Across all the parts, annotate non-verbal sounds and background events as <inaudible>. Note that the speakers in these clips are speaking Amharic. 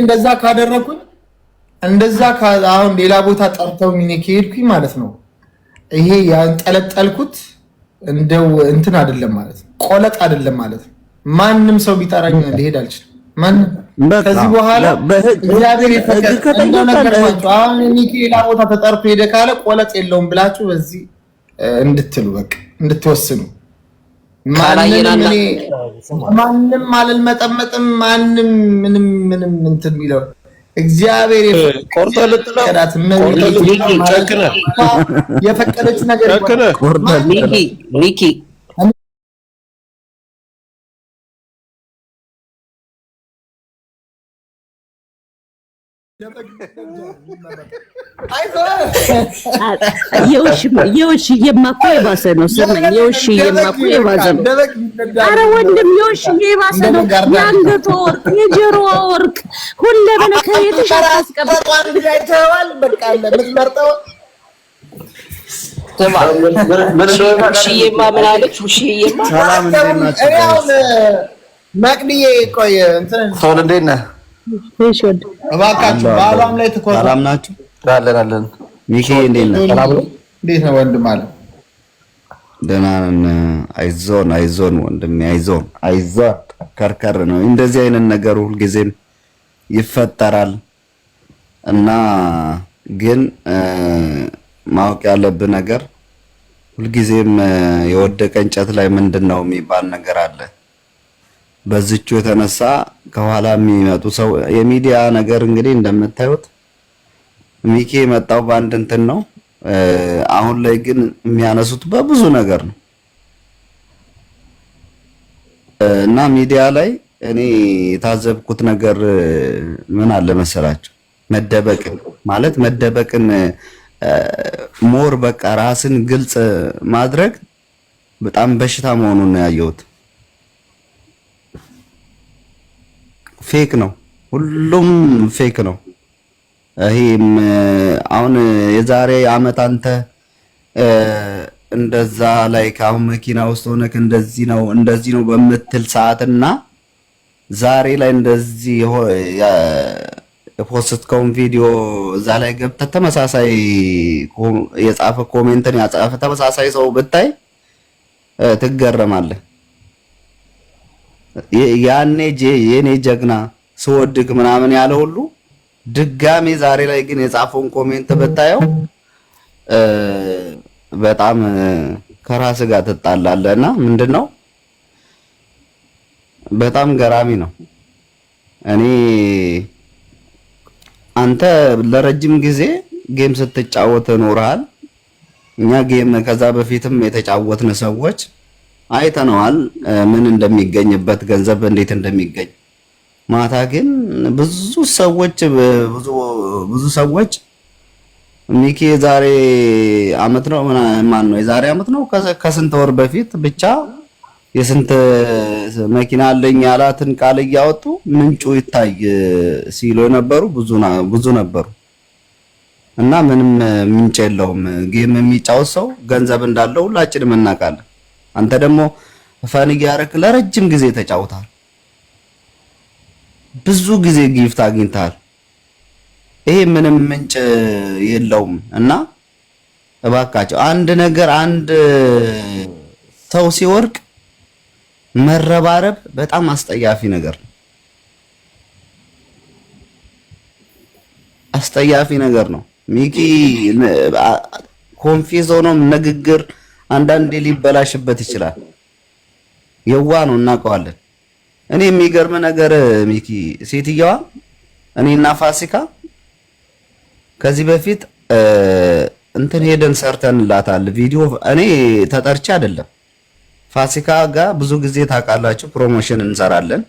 እንደዛ ካደረኩኝ እንደዛ አሁን ሌላ ቦታ ጠርተው ከሄድኩኝ ማለት ነው ይሄ ያንጠለጠልኩት እንደው እንትን አይደለም ማለት ነው፣ ቆለጥ አይደለም ማለት ነው። ማንም ሰው ቢጠራኝ ሊሄድ አልችልም። ማንም ከዚህ በኋላ እግዚአብሔር ሌላ ቦታ ተጠርቶ ሄደ ካለ ቆለጥ የለውም ብላችሁ በዚህ እንድትሉ በቃ እንድትወስኑ ማንም አልመጠመጥም። ማንም ምንም ምንም እንትን የሚለው እግዚአብሔር የፈቀደች ነገር ሚኪ የውሽዬማ እኮ የባሰ ነው። ስማኝ የውሽዬማ እኮ የባሰ ነው። ኧረ ወንድም የውሽ የባሰ ነው። የአንገቷ ወርቅ፣ የጆሮዋ ወርቅ ሁሌ በነከር ውሽዬማ ምን አለች? ውሽዬማ ቆይ እንትን እንዴት ነህ? እባካችሁ በዓሏም ላይ ትኮራላችሁ። አለን አለን። ሚኪ እንዴት ነህ? እንዴት ነው ወንድም? አለ ደህና ነን። አይዞን አይዞን ወንድሜ አይዞን አይዞን። ከርከር ነው እንደዚህ አይነት ነገር ሁልጊዜም ይፈጠራል እና ግን ማወቅ ያለብህ ነገር ሁልጊዜም የወደቀ እንጨት ላይ ምንድን ነው የሚባል ነገር አለ። በዚቹ የተነሳ ከኋላ የሚመጡ ሰው የሚዲያ ነገር እንግዲህ እንደምታዩት ሚኬ የመጣው በአንድ እንትን ነው። አሁን ላይ ግን የሚያነሱት በብዙ ነገር ነው እና ሚዲያ ላይ እኔ የታዘብኩት ነገር ምን አለ መሰላቸው መደበቅን ማለት መደበቅን ሞር በቃ ራስን ግልጽ ማድረግ በጣም በሽታ መሆኑን ነው ያየሁት። ፌክ ነው፣ ሁሉም ፌክ ነው። ይሄም አሁን የዛሬ አመት አንተ እንደዛ ላይ አሁን መኪና ውስጥ ሆነክ እንደዚህ ነው እንደዚህ ነው በምትል ሰዓትና ዛሬ ላይ እንደዚህ የፖስትከውን ቪዲዮ እዛ ላይ ገብተህ ተመሳሳይ የጻፈ ኮሜንትን ያጻፈ ተመሳሳይ ሰው ብታይ ትገረማለህ። ያኔ የኔ ጀግና ስወድግ ምናምን ያለ ሁሉ ድጋሜ ዛሬ ላይ ግን የጻፈውን ኮሜንት ብታየው በጣም ከራስ ጋር ትጣላለህ እና ምንድን ነው በጣም ገራሚ ነው። እኔ አንተ ለረጅም ጊዜ ጌም ስትጫወት ኖርሃል። እኛ ጌም ከዛ በፊትም የተጫወትን ሰዎች አይተነዋል፣ ምን እንደሚገኝበት ገንዘብ እንዴት እንደሚገኝ ማታ ግን ብዙ ሰዎች ብዙ ሰዎች ሚኪ የዛሬ አመት ነው ማን ነው የዛሬ አመት ነው ከስንት ወር በፊት ብቻ የስንት መኪና አለኝ ያላትን ቃል እያወጡ ምንጩ ይታይ ሲሉ የነበሩ ብዙ ነበሩ እና ምንም ምንጭ የለውም። ጌም የሚጫወት ሰው ገንዘብ እንዳለው ሁላችንም እናውቃለን። አንተ ደግሞ ፈን እያደረክ ለረጅም ጊዜ ተጫውታል። ብዙ ጊዜ ጊፍት አግኝተሃል። ይሄ ምንም ምንጭ የለውም እና እባካቸው አንድ ነገር አንድ ሰው ሲወርቅ መረባረብ በጣም አስጠያፊ ነገር ነው። አስጠያፊ ነገር ነው። ሚኪ ኮንፊዝ ሆኖ ንግግር አንዳንዴ ሊበላሽበት ይችላል። የዋ ነው እናውቀዋለን። እኔ የሚገርም ነገር ሚኪ ሴትየዋ እኔና ፋሲካ ከዚህ በፊት እንትን ሄደን ሰርተንላታል ቪዲዮ። እኔ ተጠርቼ አይደለም ፋሲካ ጋር ብዙ ጊዜ ታውቃላችሁ፣ ፕሮሞሽን እንሰራለን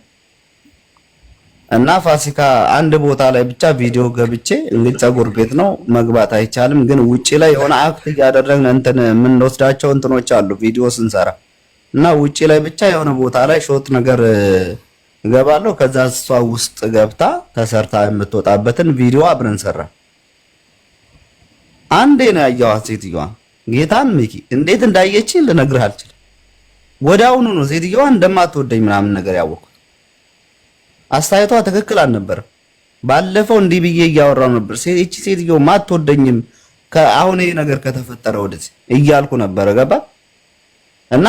እና ፋሲካ አንድ ቦታ ላይ ብቻ ቪዲዮ ገብቼ እንግዲህ ፀጉር ቤት ነው መግባት አይቻልም፣ ግን ውጪ ላይ የሆነ አክት እያደረግን እንትን የምንወስዳቸው እንትኖች አሉ ቪዲዮ ስንሰራ እና ውጪ ላይ ብቻ የሆነ ቦታ ላይ ሾት ነገር እገባለሁ። ከዛ እሷ ውስጥ ገብታ ተሰርታ የምትወጣበትን ቪዲዮ አብረን ሰራ። አንዴ ነው ያየኋት ሴትዮዋ ጌታን ሚኪ እንዴት እንዳየች ልነግርህ አልችልም። ወዲያውኑ ነው ሴትዮዋ እንደማትወደኝ ምናምን ነገር ያወቅኩት። አስተያየቷ ትክክል አልነበረም። ባለፈው እንዲህ ብዬ እያወራው ነበር። እቺ ሴትዮ ማትወደኝም ከአሁን ይሄ ነገር ከተፈጠረ ወደዚህ እያልኩ ነበረ ገባ እና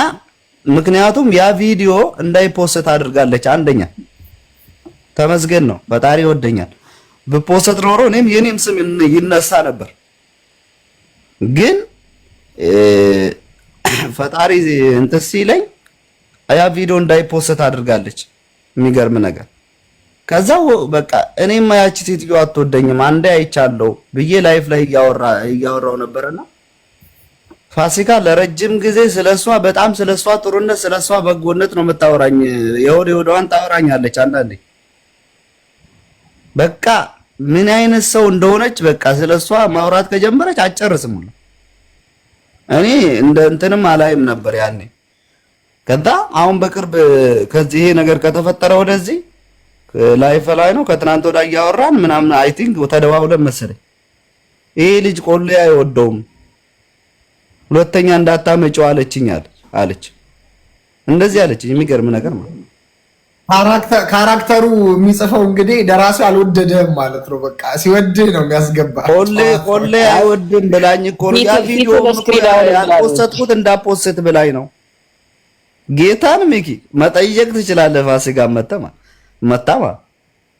ምክንያቱም ያ ቪዲዮ እንዳይፖስት አድርጋለች። አንደኛ ተመስገን ነው፣ ፈጣሪ ይወደኛል። ብፖስት ኖሮ እኔም የኔም ስም ይነሳ ነበር። ግን <coughs> ፈጣሪ እንትን ሲለኝ ያ ቪዲዮ እንዳይፖስት አድርጋለች። የሚገርም ነገር ከዛ በቃ እኔም ያቺ ሴትዮ አትወደኝም አንዴ አይቻለሁ ብዬ ላይፍ ላይ እያወራው ነበርና ፋሲካ ለረጅም ጊዜ ስለ እሷ በጣም ስለ እሷ ጥሩነት ስለ እሷ በጎነት ነው የምታወራኝ። የሆድ የሆዷን ታወራኛለች አንዳንዴ። በቃ ምን አይነት ሰው እንደሆነች በቃ ስለ እሷ ማውራት ከጀመረች አጨርስም። እኔ እንደ እንትንም አላይም ነበር ያኔ። ከዛ አሁን በቅርብ ከዚህ ይሄ ነገር ከተፈጠረ ወደዚህ ላይፈ ላይ ነው ከትናንት ወዲያ እያወራን ምናምን አይ ቲንክ ተደዋውለን መሰለኝ ይሄ ልጅ ቆሌ አይወደውም ሁለተኛ እንዳታመጪው አለችኝ አለች። እንደዚህ አለች። የሚገርም ነገር ነው። ካራክተሩ የሚጽፈው እንግዲህ ደራሲው አልወደደህም ማለት ነው። በቃ ሲወድ ነው የሚያስገባ። ቆሌ ቆሌ አይወድም ብላኝ እኮ ቪዲዮ ያልፖስትኩት እንዳፖስት ብላኝ ነው። ጌታን ሚኪ መጠየቅ ትችላለህ። ፋሲካ መተማ መታማ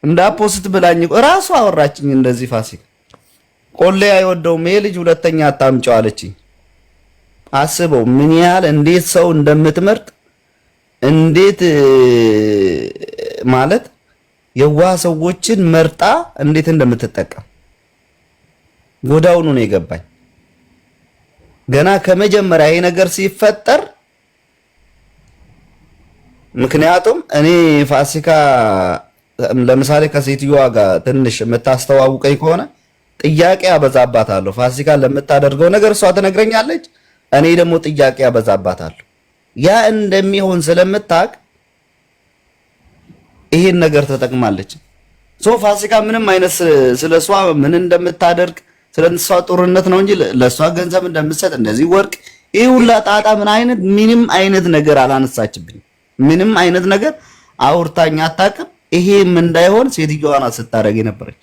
እንዳፖስት ብላኝ እራሱ አወራችኝ እንደዚህ። ፋሲካ ቆሌ አይወደውም ይሄ ልጅ ሁለተኛ አታምጪው አለችኝ። አስበው ምን ያህል እንዴት ሰው እንደምትመርጥ እንዴት ማለት የዋህ ሰዎችን መርጣ እንዴት እንደምትጠቀም ጎዳውኑ ነው የገባኝ። ገና ከመጀመሪያ ይሄ ነገር ሲፈጠር ምክንያቱም እኔ ፋሲካ ለምሳሌ ከሴትዮዋ ጋር ትንሽ የምታስተዋውቀኝ ከሆነ ጥያቄ አበዛባታለሁ። ፋሲካ ለምታደርገው ነገር እሷ ትነግረኛለች። እኔ ደግሞ ጥያቄ አበዛባታለሁ ያ እንደሚሆን ስለምታውቅ ይሄን ነገር ተጠቅማለች። ሶ ፋሲካ ምንም አይነት ስለ እሷ ምን እንደምታደርግ ስለ እሷ ጦርነት ነው እንጂ ለእሷ ገንዘብ እንደምትሰጥ እንደዚህ ወርቅ፣ ይህ ሁላ ጣጣ ምን አይነት ምንም አይነት ነገር አላነሳችብኝ ምንም አይነት ነገር አውርታኝ አታውቅም። ይሄም እንዳይሆን ሴትዮዋ ናት ስታደርግ የነበረች።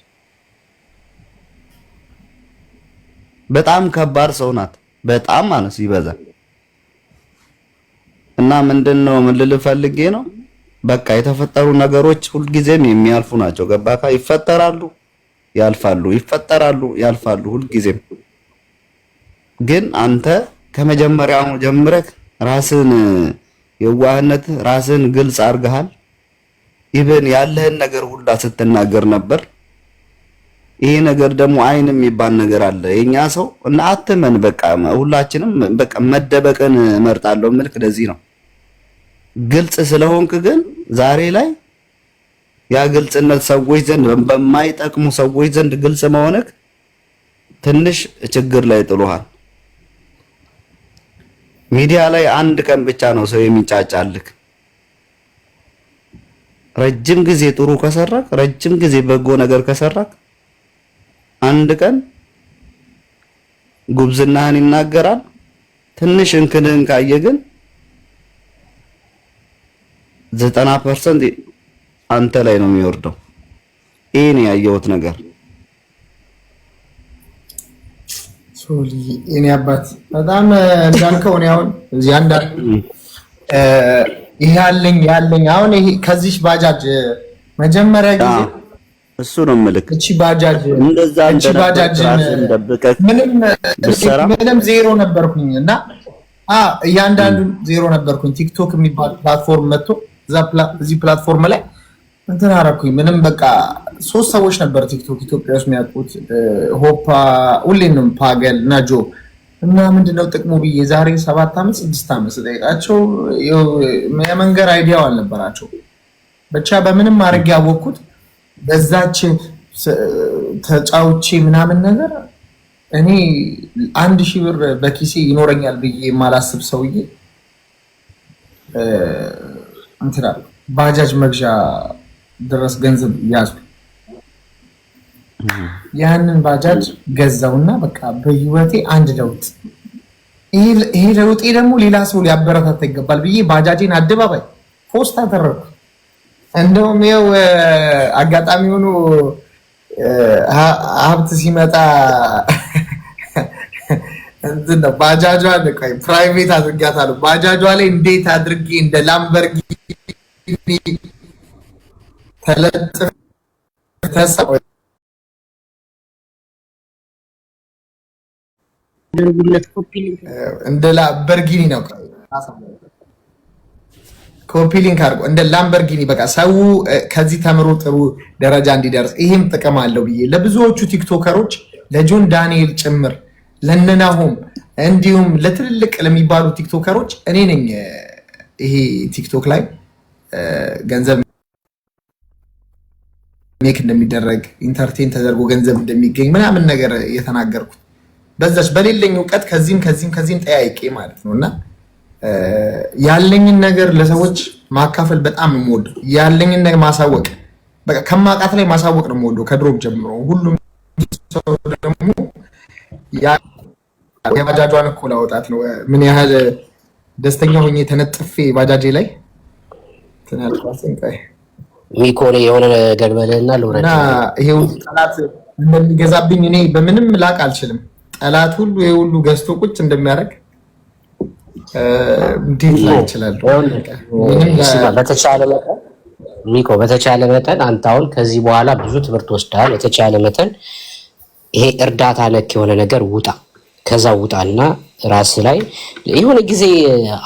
በጣም ከባድ ሰው ናት። በጣም ማለት ሲበዛ እና ምንድነው ምን ልል ፈልጌ ነው፣ በቃ የተፈጠሩ ነገሮች ሁልጊዜም የሚያልፉ ናቸው። ገባካ? ይፈጠራሉ፣ ያልፋሉ፣ ይፈጠራሉ፣ ያልፋሉ። ሁልጊዜም ግን አንተ ከመጀመሪያው ጀምረህ ራስን የዋህነት ራስን ግልጽ አድርገሃል። ይብን ያለህን ነገር ሁላ ስትናገር ነበር። ይሄ ነገር ደግሞ አይን የሚባል ነገር አለ። የኛ ሰው እና አትመን በቃ ሁላችንም በቃ መደበቅን እመርጣለሁ። ምልክ ለዚህ ነው ግልጽ ስለሆንክ ግን ዛሬ ላይ ያ ግልጽነት ሰዎች ዘንድ በማይጠቅሙ ሰዎች ዘንድ ግልጽ መሆንክ ትንሽ ችግር ላይ ጥሎሃል። ሚዲያ ላይ አንድ ቀን ብቻ ነው ሰው የሚጫጫልክ ረጅም ጊዜ ጥሩ ከሰራክ፣ ረጅም ጊዜ በጎ ነገር ከሰራክ አንድ ቀን ጉብዝናህን ይናገራል። ትንሽ እንክንህን ካየ ግን ዘጠና ፐርሰንት አንተ ላይ ነው የሚወርደው። ይሄን ያየሁት ነገር ሶሊ እኔ አባት በጣም እንዳልከው ነው። አሁን እዚህ አንድ ይሄ ያለኝ ያለኝ አሁን ይሄ ከዚህ ባጃጅ መጀመሪያ ጊዜ እሱ ነው ምልክ እቺ ባጃጅ እንደዛ እቺ ባጃጅ ምንም ምንም ዜሮ ነበርኩኝ እና አ እያንዳንዱን ዜሮ ነበርኩኝ። ቲክቶክ የሚባል ፕላትፎርም መጥቶ እዚህ ፕላትፎርም ላይ እንትን አደረኩኝ። ምንም በቃ ሶስት ሰዎች ነበር ቲክቶክ ኢትዮጵያ ውስጥ የሚያውቁት ሆፓ፣ ሁሌንም ፓገል እና ጆ እና ምንድነው ጥቅሙ ብዬ ዛሬ ሰባት ዓመት ስድስት ዓመት ስጠይቃቸው የመንገር አይዲያው አልነበራቸው። ብቻ በምንም አድርጌ ያወቅኩት በዛች ተጫውቼ ምናምን ነገር እኔ አንድ ሺህ ብር በኪሴ ይኖረኛል ብዬ የማላስብ ሰውዬ እንትና ባጃጅ መግዣ ድረስ ገንዘብ ያዙ። ያንን ባጃጅ ገዛውና በቃ በህይወቴ አንድ ለውጥ፣ ይሄ ለውጤ ደግሞ ሌላ ሰው ሊያበረታታ ይገባል ብዬ ባጃጄን አደባባይ ፖስት አደረግኩ። እንደውም ይኸው አጋጣሚ ሆኖ ሀብት ሲመጣ <laughs> እንትን ነው ባጃጇ ቆይ ፕራይቬት አድርጋታለሁ። ባጃጇ ላይ እንዴት አድርጊ እንደ ላምበርጊኒ ተለጥፍ ተሰቆ እንደ ላምበርጊኒ ነው ኮፒሊንክ አድርጎ እንደ ላምበርጊኒ በቃ ሰው ከዚህ ተምሮ ጥሩ ደረጃ እንዲደርስ ይህም ጥቅም አለው ብዬ ለብዙዎቹ ቲክቶከሮች ለጆን ዳንኤል ጭምር ለነናሆም እንዲሁም ለትልልቅ ለሚባሉ ቲክቶከሮች እኔ ነኝ ይሄ ቲክቶክ ላይ ገንዘብ ሜክ እንደሚደረግ ኢንተርቴን ተደርጎ ገንዘብ እንደሚገኝ ምናምን ነገር የተናገርኩት በዛች በሌለኝ እውቀት ከዚህም ከዚህም ከዚህም ጠያይቄ ማለት ነው እና ያለኝን ነገር ለሰዎች ማካፈል በጣም የምወደው ያለኝን ነገር ማሳወቅ በቃ ከማውቃት ላይ ማሳወቅ ነው የምወደው ከድሮም ጀምሮ። ሁሉም ሰው ደግሞ የባጃጇን እኮ ላወጣት ነው ምን ያህል ደስተኛ ሆኜ ተነጥፌ ባጃጄ ላይ ሚኮኔ የሆነ ነገር በልህና ልውረድና ይሄ ጠላት እንደሚገዛብኝ እኔ በምንም ላቅ አልችልም። ጠላት ሁሉ ይሄ ሁሉ ገዝቶ ቁጭ እንደሚያደርግ እንዴት ላይ ይችላል? በተቻለ መጠን ሚኮ በተቻለ መጠን አንተ አሁን ከዚህ በኋላ ብዙ ትምህርት ወስደሃል። በተቻለ መጠን ይሄ እርዳታ ነክ የሆነ ነገር ውጣ፣ ከዛ ውጣ እና ራስ ላይ የሆነ ጊዜ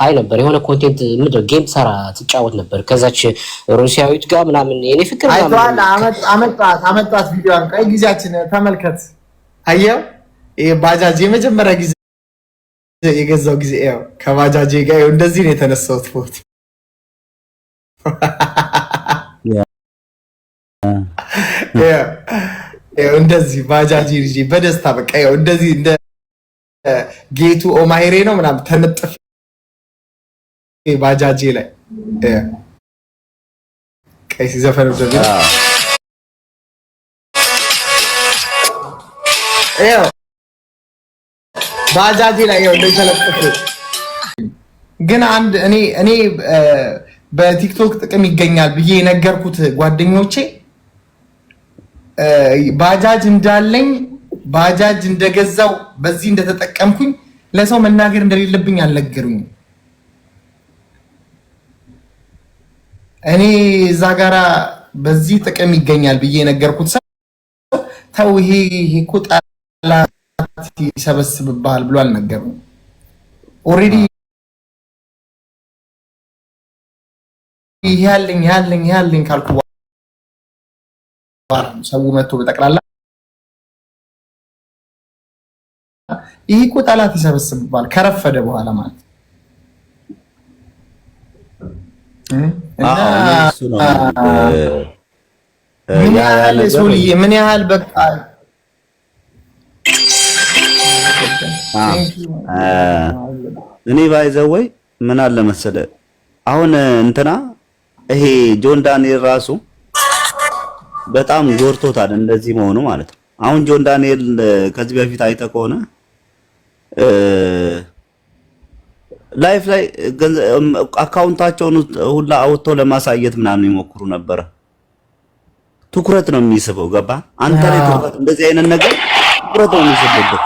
አይ ነበር የሆነ ኮንቴንት ምንድን ጌም ሰራ ትጫወት ነበር ከዛች ሩሲያዊት ጋር ምናምን የኔ ፍቅር አመጣት አመጣት ቪዲዮን ቀይ ጊዜያችን ተመልከት። አየው ባጃጅ የመጀመሪያ ጊዜ የገዛው ጊዜ ያው ከባጃጄ ጋር እንደዚህ ነው የተነሳሁት ፎቶ። <laughs> እንደዚህ ባጃጅ ልጅ በደስታ በቃ ያው እንደዚህ እንደ ጌቱ ኦማይሬ ነው ምናምን ተነጥፍ ባጃጄ ላይ ቀይሲ ዘፈን ደብ ባጃጅ ላይ ያው ግን አንድ እኔ እኔ በቲክቶክ ጥቅም ይገኛል ብዬ የነገርኩት ጓደኞቼ ባጃጅ እንዳለኝ ባጃጅ እንደገዛው በዚህ እንደተጠቀምኩኝ ለሰው መናገር እንደሌለብኝ አልነገሩኝም። እኔ እዛ ጋራ በዚህ ጥቅም ይገኛል ብዬ የነገርኩት ሰው ተው ይሄ እኮ ጣላ ይሰበስብብሃል ብሎ አልነገረውም። ኦልሬዲ ያለኝ ያለኝ ያለኝ ካልኩ ሰው መጥቶ በጠቅላላ ይሄ እኮ ጠላት ይሰበስብባል። ከረፈደ በኋላ ማለት ምን ያህል ሶልዬ ምን ያህል በቃ እኔ ባይዘወይ ምን አለ መሰለ አሁን እንትና ይሄ ጆን ዳንኤል ራሱ በጣም ጎርቶታል እንደዚህ መሆኑ ማለት ነው። አሁን ጆን ዳንኤል ከዚህ በፊት አይተ ከሆነ ላይፍ ላይ አካውንታቸውን ሁላ አውጥተው ለማሳየት ምናምን ይሞክሩ ነበረ። ትኩረት ነው የሚስበው። ገባ አንተ ላይ ትኩረት እንደዚህ አይነት ነገር ትኩረት ነው የሚስበው።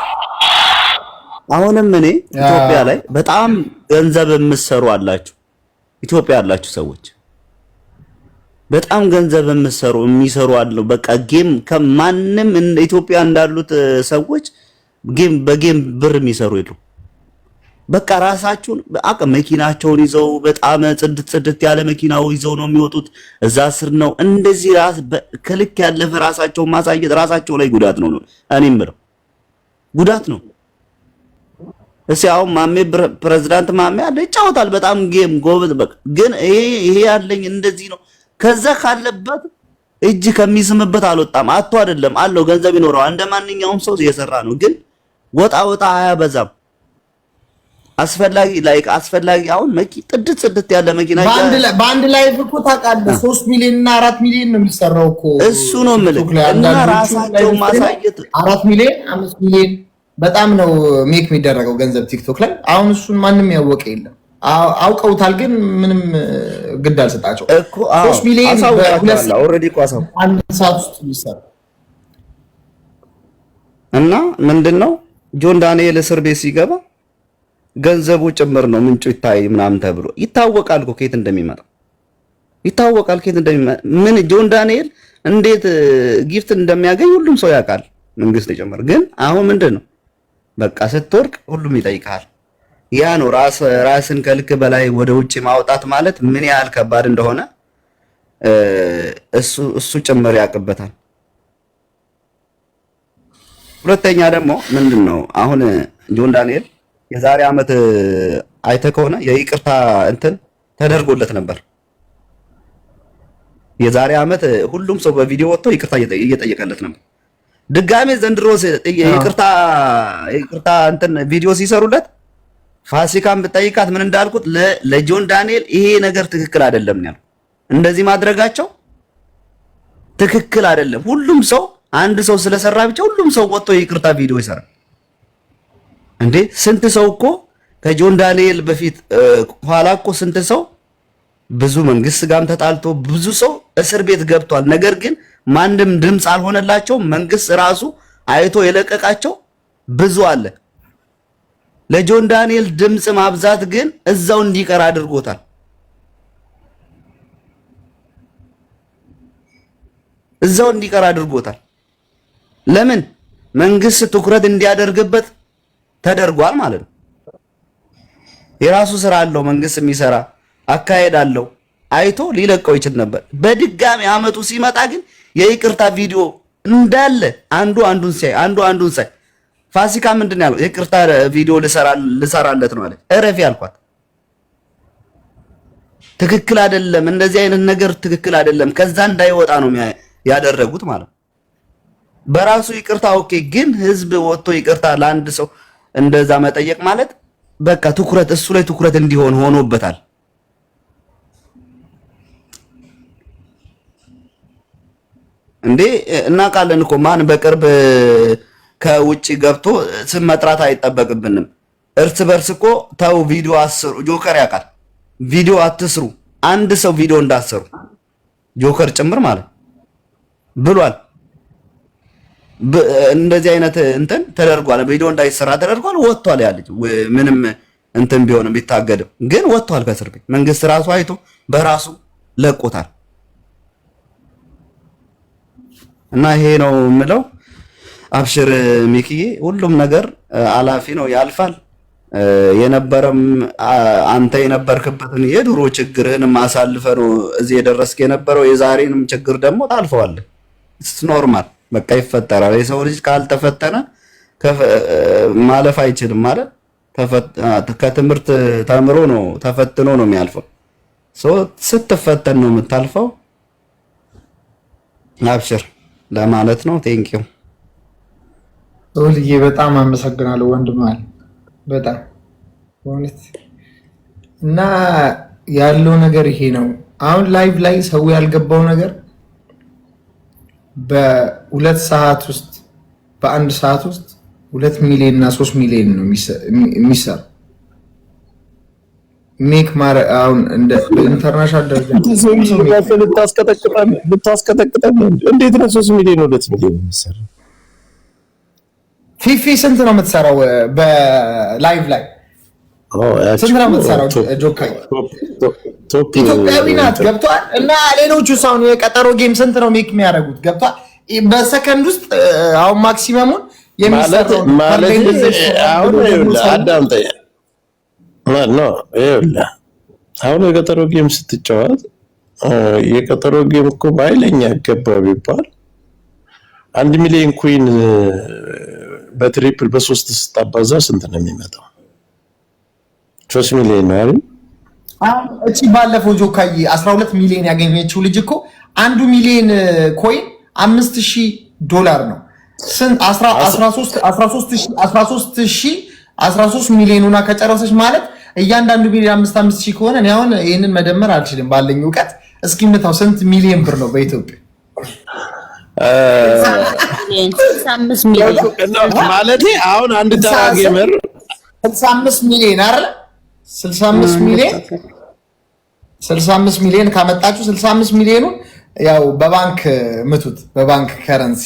አሁንም እኔ ኢትዮጵያ ላይ በጣም ገንዘብ የምትሰሩ አላችሁ፣ ኢትዮጵያ አላችሁ ሰዎች በጣም ገንዘብ የምትሰሩ የሚሰሩ አሉ። በቃ ጌም ከማንም ኢትዮጵያ እንዳሉት ሰዎች ጌም በጌም ብር የሚሰሩ የሉ። በቃ ራሳችሁን በቃ መኪናቸውን ይዘው በጣም ጽድት ጽድት ያለ መኪናው ይዘው ነው የሚወጡት። እዛ ስር ነው እንደዚህ ራስ ከልክ ያለፈ ራሳቸውን ማሳየት ራሳቸው ላይ ጉዳት ነው። እኔ የምለው ጉዳት ነው። እሺ አሁን ማሜ ፕሬዝዳንት ማሜ አለ ይጫወታል። በጣም ጌም ጎበዝ። በቃ ግን ይሄ ይሄ ያለኝ እንደዚህ ነው። ከዛ ካለበት እጅ ከሚስምበት አልወጣም። አቶ አይደለም አለው ገንዘብ ይኖረው እንደ ማንኛውም ሰው እየሰራ ነው። ግን ወጣ ወጣ አያበዛም። አስፈላጊ ላይክ አስፈላጊ አሁን መኪ ጥድት ጥድት ያለ መኪና ባንድ ላይ ባንድ ላይ እኮ ታውቃለህ፣ 3 ሚሊዮን እና 4 ሚሊዮን ነው የሚሰራው እኮ እሱ ነው የምልህ እና ራሳቸው ማሳየት 4 ሚሊዮን 5 ሚሊዮን በጣም ነው ሜክ የሚደረገው ገንዘብ ቲክቶክ ላይ። አሁን እሱን ማንም ያወቀ የለም። አውቀውታል፣ ግን ምንም ግድ አልሰጣቸው። ሶስት ሚሊዮን ሰዓት ውስጥ እና ምንድን ነው ጆን ዳንኤል እስር ቤት ሲገባ ገንዘቡ ጭምር ነው ምንጩ ይታይ ምናምን ተብሎ ይታወቃል እኮ ከየት እንደሚመጣ ይታወቃል ከየት እንደሚመጣ። ምን ጆን ዳንኤል እንዴት ጊፍት እንደሚያገኝ ሁሉም ሰው ያውቃል፣ መንግስት ጭምር። ግን አሁን ምንድን ነው በቃ ስትወርቅ ሁሉም ይጠይቃል። ያ ነው ራስን ከልክ በላይ ወደ ውጭ ማውጣት ማለት ምን ያህል ከባድ እንደሆነ እሱ እሱ ጭምር ያውቅበታል። ሁለተኛ ደግሞ ምንድን ነው አሁን ጆን ዳንኤል የዛሬ ዓመት አይተ ከሆነ የይቅርታ እንትን ተደርጎለት ነበር። የዛሬ ዓመት ሁሉም ሰው በቪዲዮ ወጥቶ ይቅርታ እየጠየቀለት ነበር። ድጋሜ ዘንድሮ ይቅርታ ይቅርታ እንትን ቪዲዮ ሲሰሩለት ፋሲካን ብጠይቃት ምን እንዳልኩት ለጆን ዳንኤል ይሄ ነገር ትክክል አይደለም ነው እንደዚህ ማድረጋቸው ትክክል አይደለም። ሁሉም ሰው አንድ ሰው ስለሰራ ብቻ ሁሉም ሰው ወጥቶ ይቅርታ ቪዲዮ ይሰራል እንዴ? ስንት ሰው እኮ ከጆን ዳንኤል በፊት ኋላ እኮ ስንት ሰው ብዙ መንግስት ጋም ተጣልቶ ብዙ ሰው እስር ቤት ገብቷል። ነገር ግን ማንም ድምፅ አልሆነላቸውም። መንግስት ራሱ አይቶ የለቀቃቸው ብዙ አለ። ለጆን ዳንኤል ድምፅ ማብዛት ግን እዛው እንዲቀር አድርጎታል። እዛው እንዲቀር አድርጎታል። ለምን መንግስት ትኩረት እንዲያደርግበት ተደርጓል ማለት ነው። የራሱ ስራ አለው መንግስት የሚሰራ አካሄድ አለው። አይቶ ሊለቀው ይችል ነበር። በድጋሚ አመቱ ሲመጣ ግን የይቅርታ ቪዲዮ እንዳለ አንዱ አንዱን ሲያይ አንዱ አንዱን ሳይ ፋሲካ ምንድን ያለው የይቅርታ ቪዲዮ ልሰራለት ነው አለ። እረፊ ያልኳት ትክክል አይደለም። እንደዚህ አይነት ነገር ትክክል አይደለም። ከዛ እንዳይወጣ ነው ያደረጉት ማለት ነው። በራሱ ይቅርታ ኦኬ። ግን ህዝብ ወጥቶ ይቅርታ ለአንድ ሰው እንደዛ መጠየቅ ማለት በቃ ትኩረት እሱ ላይ ትኩረት እንዲሆን ሆኖበታል። እንዴ እናውቃለን እኮ ማን በቅርብ ከውጭ ገብቶ ስም መጥራት አይጠበቅብንም። እርስ በርስ እኮ ተው፣ ቪዲዮ አስሩ። ጆከር ያውቃል። ቪዲዮ አትስሩ፣ አንድ ሰው ቪዲዮ እንዳሰሩ ጆከር ጭምር ማለት ብሏል። እንደዚህ አይነት እንትን ተደርጓል። ቪዲዮ እንዳይሰራ ተደርጓል። ወጥቷል። ያ ልጅ ምንም እንትን ቢሆንም ቢታገድም ግን ወጥቷል ከእስር ቤት። መንግስት ራሱ አይቶ በራሱ ለቆታል። እና ይሄ ነው የምለው። አብሽር ሚኪዬ፣ ሁሉም ነገር አላፊ ነው፣ ያልፋል። የነበረም አንተ የነበርክበትን የድሮ ችግርህን አሳልፈ ነው እዚህ የደረስክ የነበረው። የዛሬንም ችግር ደግሞ ታልፈዋለህ። ኖርማል በቃ ይፈጠራል። የሰው ልጅ ካልተፈተነ ማለፍ አይችልም ማለት ከትምህርት ተምሮ ነው ተፈትኖ ነው የሚያልፈው። ስትፈተን ነው የምታልፈው። አብሽር ለማለት ነው። ቴንኪው ሰውልዬ፣ በጣም አመሰግናለሁ ወንድማል። በጣም በእውነት እና ያለው ነገር ይሄ ነው። አሁን ላይቭ ላይ ሰው ያልገባው ነገር በሁለት ሰዓት ውስጥ በአንድ ሰዓት ውስጥ ሁለት ሚሊዮን እና ሶስት ሚሊዮን ነው የሚሰራ። ሜክ ማረ አሁን እንደ ኢንተርናሽናል ደረጃ ልታስቀጠቅጠን እንዴት ነው? ሶስት ሚሊዮን ሁለት ሚሊዮን የሚሰራ ፊፊ ስንት ነው የምትሰራው? በላይቭ ላይ ስንት ነው የምትሰራው? ጆካይ ኢትዮጵያዊ ናት። ገብቷል። እና ሌሎቹ ሳሁን የቀጠሮ ጌም ስንት ነው ሜክ የሚያደርጉት? ገብቷል። በሰከንድ ውስጥ አሁን ማክሲመሙን የሚሰራው ይኸውልህ አሁን የቀጠሮ ጌም ስትጫወት የቀጠሮ ጌም እኮ በኃይለኛ ገባ ቢባል አንድ ሚሊዮን ኮይን በትሪፕል በሶስት ስታባዛ ስንት ነው የሚመጣው? ሶስት ሚሊዮን ነው አይደል? እቺ ባለፈው ጆካይ 12 ሚሊዮን ያገኘችው ልጅ እኮ አንዱ ሚሊዮን ኮይን 5000 ዶላር ነው። ስንት 13 13 13 ሚሊዮን ሆና ከጨረሰች ማለት እያንዳንዱ ቢሊዮን አምስት አምስት ሺህ ከሆነ እኔ አሁን ይህንን መደመር አልችልም ባለኝ እውቀት። እስኪ ምታው ስንት ሚሊዮን ብር ነው በኢትዮጵያ? ማለት አሁን አንድ ተራ ጌመር ስልሳ አምስት ሚሊዮን አለ ስልሳ አምስት ሚሊዮን ስልሳ አምስት ሚሊዮን ካመጣችሁ ስልሳ አምስት ሚሊዮኑን ያው በባንክ ምቱት፣ በባንክ ከረንሲ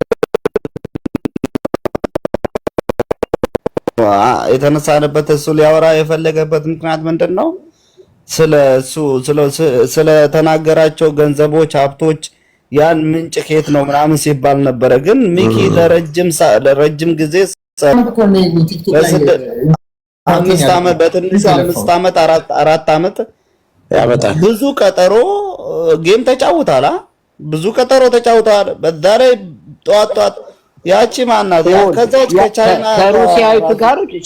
የተነሳንበት እሱ ሊያወራ የፈለገበት ምክንያት ምንድን ነው? ስለ እሱ ስለተናገራቸው ገንዘቦች፣ ሀብቶች ያን ምንጭ ከየት ነው ምናምን ሲባል ነበረ። ግን ሚኪ ለረጅም ለረጅም ጊዜ አምስት ዓመት በትንሹ አምስት ዓመት አራት አራት አመት ያመጣል። ብዙ ቀጠሮ ጌም ተጫውታል። ብዙ ቀጠሮ ተጫውተዋል። በዛ ላይ ጠዋት ጠዋት ያቺ ማናት? ከዛች ከቻይና ከሩሲያ ጋር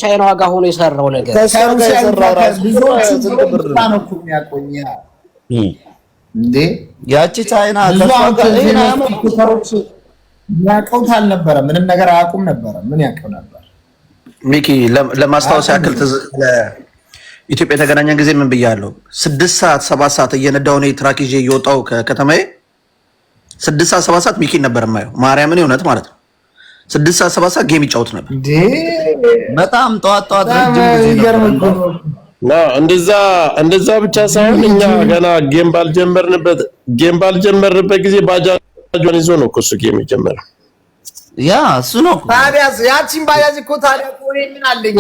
ቻይናዋ ጋር ሆኖ የሰራው ነገር ከሩሲያ ያቺ ቻይና ያውቀውት አልነበረ። ምንም ነገር አያውቁም ነበረ። ምን ያውቀው ነበር? ሚኪ ለማስታወስ ያክል ኢትዮጵያ የተገናኘን ጊዜ ምን ብያለሁ? ስድስት ሰዓት ሰባት ሰዓት እየነዳሁ እኔ ትራክ ይዤ እየወጣሁ ከከተማዬ ስድስት ሰዓት ሰባት ሰዓት ሚኪን ነበር የማየው። ማርያምን እውነት ማለት ነው ስድስት ሰዓት ሰባት ሰዓት ጌም ይጫወት ነበር። በጣም ጠዋት ጠዋት እንደዛ እንደዛ ብቻ ሳይሆን እኛ ገና ጌም ባልጀመርንበት ጌም ባልጀመርንበት ጊዜ ባጃጇን ይዞ ነው እኮ እሱ ጌም የጀመረ። ያ እሱ ነው እኮ ታዲያ፣ ያቺን ባጃጅ እኮ ታዲያ ምን አለኝ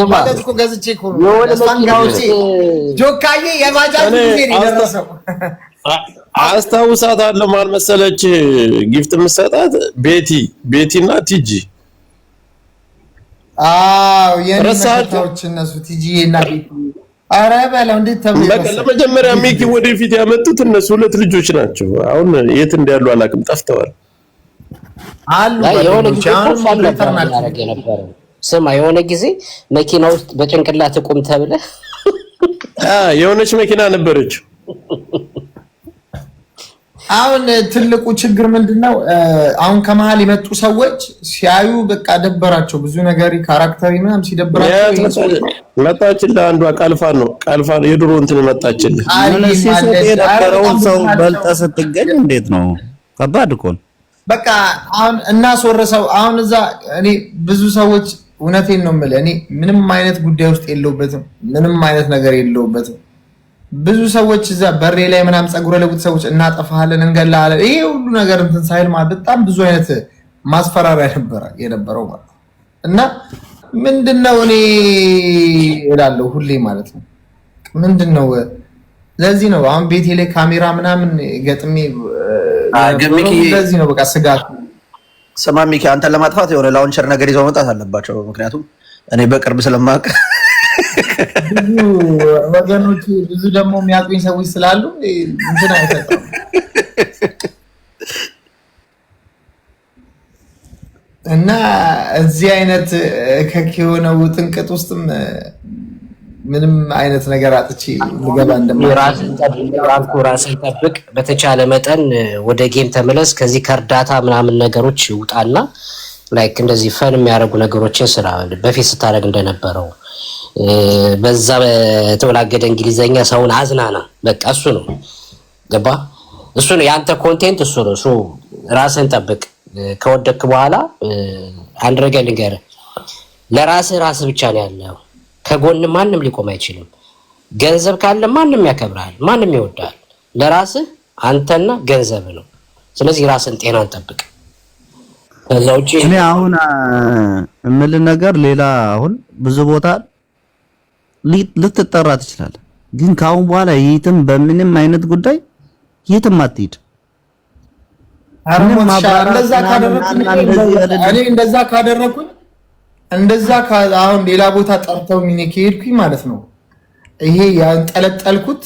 አስታውሳታለሁ። ማን መሰለች ጊፍት የምትሰጣት ቤቲ ቤቲ እና ቲጂ አዎ ሚኪ ወደፊት ያመጡት እነሱ ሁለት ልጆች ናቸው። አሁን የት እንዳሉ አላውቅም፣ ጠፍተዋል ጊዜ ስማ፣ የሆነ ጊዜ መኪና ውስጥ በጭንቅላት ቁም ተብለህ የሆነች መኪና ነበረችው። <laughs> አሁን ትልቁ ችግር ምንድን ነው? አሁን ከመሀል የመጡ ሰዎች ሲያዩ በቃ ደበራቸው። ብዙ ነገር ካራክተር ምናምን ሲደበራቸው መጣችልህ። አንዷ ቀልፋን ነው ቀልፋን የድሮ እንትን መጣችልህ። የነበረውን ሰው በልጠህ ስትገኝ እንዴት ነው ከባድ እኮ ነው። በቃ አሁን እናስወረሰው። አሁን እዛ እኔ ብዙ ሰዎች እውነቴን ነው የምልህ፣ እኔ ምንም አይነት ጉዳይ ውስጥ የለውበትም። ምንም አይነት ነገር የለውበትም ብዙ ሰዎች እዛ በሬ ላይ ምናምን ፀጉረ ልውጥ ሰዎች እናጠፋለን፣ እንገላለን ይሄ ሁሉ ነገር እንትን ሳይል ማለት በጣም ብዙ አይነት ማስፈራሪያ ነበረ የነበረው ማለት ነው። እና ምንድን ነው እኔ እላለሁ ሁሌ ማለት ነው ምንድን ነው ለዚህ ነው አሁን ቤቴ ላይ ካሜራ ምናምን ገጥሜ ለዚህ ነው በቃ ስጋት። ስማ ሚኪ፣ አንተን ለማጥፋት የሆነ ላውንቸር ነገር ይዘው መምጣት አለባቸው። ምክንያቱም እኔ በቅርብ ስለማውቅ ወገኖች ብዙ ደግሞ የሚያውቁኝ ሰዎች ስላሉ እንትን አይሰጠም። እና እዚህ አይነት ከክ የሆነ ውጥንቅጥ ውስጥም ምንም አይነት ነገር አጥቼ ልገባ ራስን ጠብቅ። በተቻለ መጠን ወደ ጌም ተመለስ። ከዚህ ከእርዳታ ምናምን ነገሮች ይውጣና ላይክ እንደዚህ ፈን የሚያደርጉ ነገሮችን ስራ በፊት ስታደርግ እንደነበረው በዛ በተወላገደ እንግሊዘኛ ሰውን አዝናና። በቃ እሱ ነው ገባ። እሱ ነው የአንተ ኮንቴንት፣ እሱ ነው እሱ። ራስህን ጠብቅ። ከወደክ በኋላ አንድ ነገር ንገር። ለራስህ ራስህ ብቻ ነው ያለው። ከጎን ማንም ሊቆም አይችልም። ገንዘብ ካለ ማንም ያከብራል፣ ማንም ይወዳል። ለራስህ አንተና ገንዘብ ነው። ስለዚህ ራስን ጤናን ጠብቅ። ከዛ ውጭ እኔ አሁን የምልህ ነገር ሌላ አሁን ብዙ ቦታ ልትጠራ ትችላለ ግን ከአሁን በኋላ የትም በምንም አይነት ጉዳይ የትም አትሄድ። እንደዛ ካደረኩኝ እንደዛ አሁን ሌላ ቦታ ጠርተው ከሄድኩኝ ማለት ነው ይሄ ያንጠለጠልኩት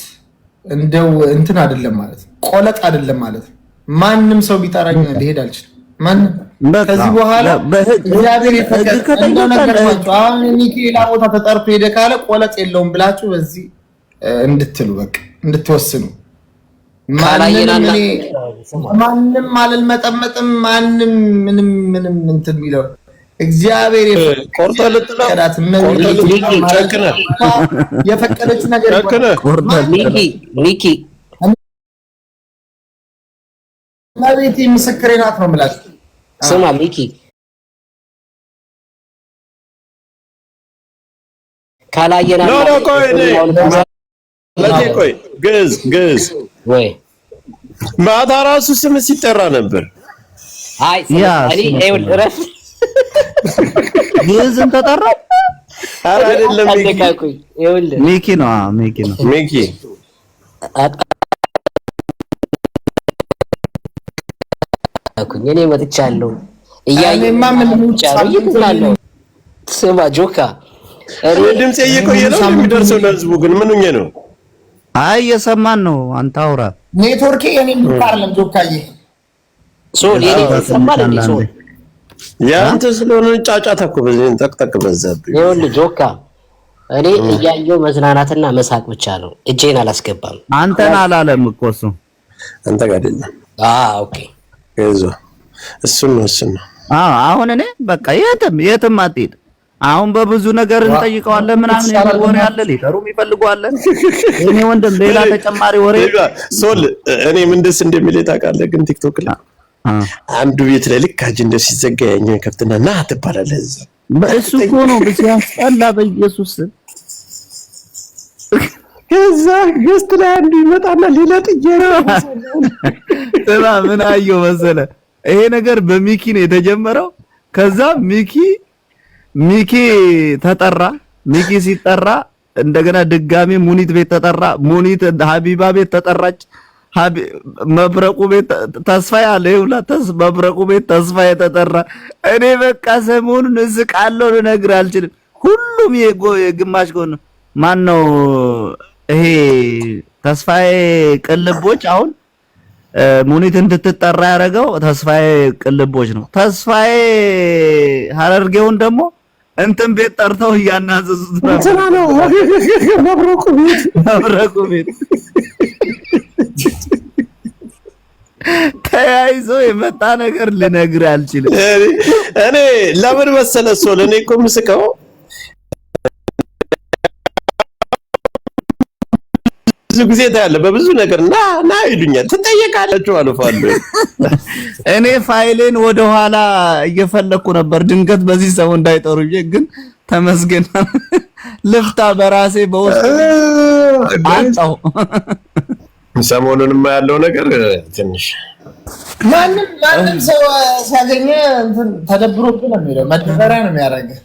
እንደው እንትን አይደለም ማለት ነው፣ ቆለጥ አይደለም ማለት ነው። ማንም ሰው ቢጠራኝ ሊሄድ አልችልም ማንም ከዚህ በኋላ እግዚአብሔር ይፈቀድ እንደነገርኳቸው አሁን ሌላ ቦታ ተጠርቶ ሄደ ካለ ቆለጥ የለውም ብላችሁ በዚህ እንድትሉ በቃ እንድትወስኑ። ማንም አልመጠመጥም፣ ማንም ምንም ምንም እንትን የሚለው እግዚአብሔር የፈቀደች ነገር ሚኪ ምስክሬ ናት ነው የምላችሁ ስማ ሚኪ ካላየና ቆይ ቆይ ግዕዝ ግዕዝ ወይ ማታ ራሱ ስም ሲጠራ ነበር። አይ እኔ ኤውል ረፍ ግዕዝን ተጠራ። ኧረ አይደለም ሚኪ ነው ሚኪ ነው ሚኪ አልኩኝ። እኔ መጥቻለሁ እያየሁ ስማ ጆካ ድምፄ እየቆየ ነው የሚደርሰው ለህዝቡ ግን ምን ምንኛ ነው? አይ እየሰማን ነው። አንተ አውራ ኔትወርኬ የኔ ፓርለም ጆካዬ ሶል ያንተ ስለሆነ ጫጫታ እኮ በዚህ ጠቅጠቅ በዛብኝ። ይኸውልህ ጆካ እኔ እያየሁ መዝናናትና መሳቅ ብቻ ነው። እጄን አላስገባም። አንተን አላለም እኮ እሱ አንተ ጋር አይደለም። አዎ ኦኬ። እሱን ነው እሱን ነው። አሁን እኔ በቃ የትም የትም አትሄድ። አሁን በብዙ ነገር እንጠይቀዋለን ምናምን ወሬ አለ፣ ሊጠሩም ይፈልጓለን። እኔ ወንድም ሌላ ተጨማሪ ወሬ ሶል እኔ ምንድስ እንደሚል ታውቃለህ? ግን ቲክቶክ ላይ አንዱ ቤት ላይ ልክ አጀንዳው ሲዘጋ ያኛው ከፍትና ና ትባላለህ። እዛ በእሱ እኮ ነው ሲያስጠላ በኢየሱስ ከዛ ገስት ላይ አንዱ ይመጣና ሌላ ጥያቄ <laughs> ምን አየሁ መሰለህ ይሄ ነገር በሚኪ ነው የተጀመረው። ከዛ ሚኪ ሚኪ ተጠራ። ሚኪ ሲጠራ እንደገና ድጋሚ ሙኒት ቤት ተጠራ። ሙኒት ሀቢባ ቤት ተጠራች። ሀቢ መብረቁ ቤት ተስፋ ያለ ይውላ ተስ መብረቁ ቤት ተስፋ የተጠራ። እኔ በቃ ሰሞኑን እስቃለሁ፣ ልነግርህ አልችልም። ሁሉም የጎ የግማሽ ጎን ማን ነው ይሄ ተስፋዬ ቅልቦች አሁን ሙኒት እንድትጠራ ያደረገው ተስፋዬ ቅልቦች ነው። ተስፋዬ ሀረርጌውን ደግሞ እንትን ቤት ጠርተው እያናዘዙት እንትና ነው መብረቁ ቤት መብረቁ ቤት ተያይዞ የመጣ ነገር ልነግር አልችልም። እኔ ለምን መሰለ እሱ ለእኔ እኮ ብዙ ጊዜ ታያለ በብዙ ነገር ና ና ይሉኛል። ትጠየቃላችሁ አልፋሉ። <laughs> እኔ ፋይሌን ወደኋላ እየፈለግኩ ነበር ድንገት በዚህ ሰው እንዳይጠሩ ግን ተመስገን <laughs> ልፍታ በራሴ በውስጥ አጣው። <laughs> ሰሞኑንማ ያለው ነገር ትንሽ ማንም ማንም ሰው ሲያገኘ ተደብሮብህ ነው የሚለው መደበሪያ ነው የሚያደርገህ